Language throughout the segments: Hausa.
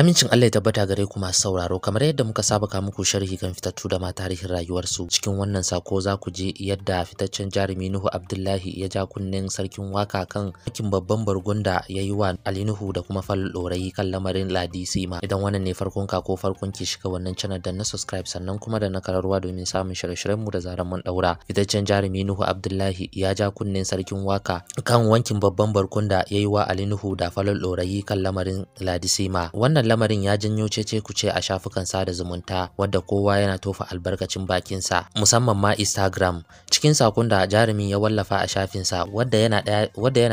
Amincin Allah ya tabbata gare ku masu sauraro kamar yadda muka saba ka muku sharhi kan fitattu da ma tarihin rayuwarsu cikin wannan sako za ku je yadda fitaccen jarumi Nuhu Abdullahi ya ja kunnen sarkin waka kan hakin babban bargunda da ya yi wa Ali Nuhu da kuma Fal Dorayi kan lamarin Ladi Sima idan wannan ne farkon ka ko farkon ki shiga wannan channel da na subscribe sannan kuma da na kararwa domin samun shirye-shiryen mu da zaran mun daura fitaccen jarumi Nuhu Abdullahi ya ja kunnen sarkin waka kan wankin babban bargon da ya yi wa Ali Nuhu da Fal Dorayi kan lamarin Ladi Sima wannan lamarin ya janyo cece kuce a shafukan sada zumunta wadda kowa yana tofa albarkacin bakinsa musamman ma Instagram cikin sakon da jarumin ya wallafa a shafinsa wadda yana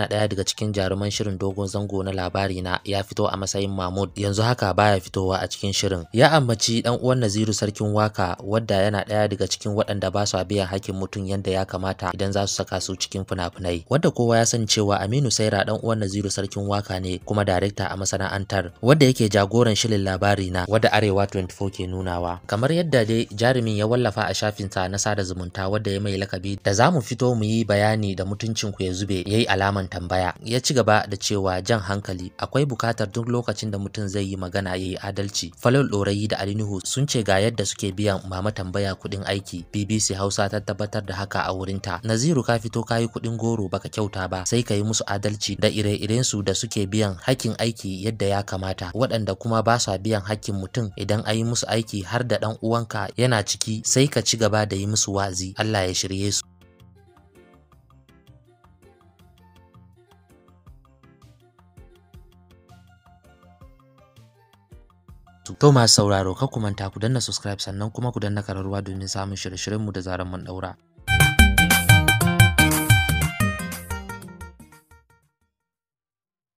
ɗaya daga cikin jaruman shirin dogon zango na labari na ya fito a matsayin mahmud yanzu haka baya fitowa a cikin shirin ya ambaci dan uwan naziru sarkin waka wadda yana ɗaya daga cikin waɗanda ba su biyan hakkin mutum yadda ya kamata idan za su saka su cikin funafunai, finai wadda kowa ya san cewa aminu saira dan uwan naziru sarkin waka ne kuma darekta a masana'antar wadda yake jagoran shirin labari na wadda arewa 24 ke nunawa kamar yadda dai jarumin ya wallafa a shafinsa na sada zumunta wadda ya mai laka Kabir da za mu fito mu yi bayani da mutuncin ku ya zube ya yi alaman tambaya ya ci gaba da cewa jan hankali akwai bukatar duk lokacin da mutum zai yi magana yayi adalci Falal Dorayi da Nuhu sun ce ga yadda suke biyan mama tambaya kuɗin aiki BBC Hausa ta tabbatar da haka a wurinta Naziru ka fito ka yi kuɗin goro baka kyauta ba sai ka yi musu adalci da ire-iren su da suke biyan hakkin aiki yadda ya kamata waɗanda kuma ba sa biyan hakkin mutum idan ayi musu aiki har da ɗan uwanka yana ciki sai ka ci gaba da yi musu wazi Allah ya shirye To masu sauraro kar ku manta ku danna subscribe sannan kuma ku danna kararwa domin samun shirye-shiryenmu da zaran mun daura.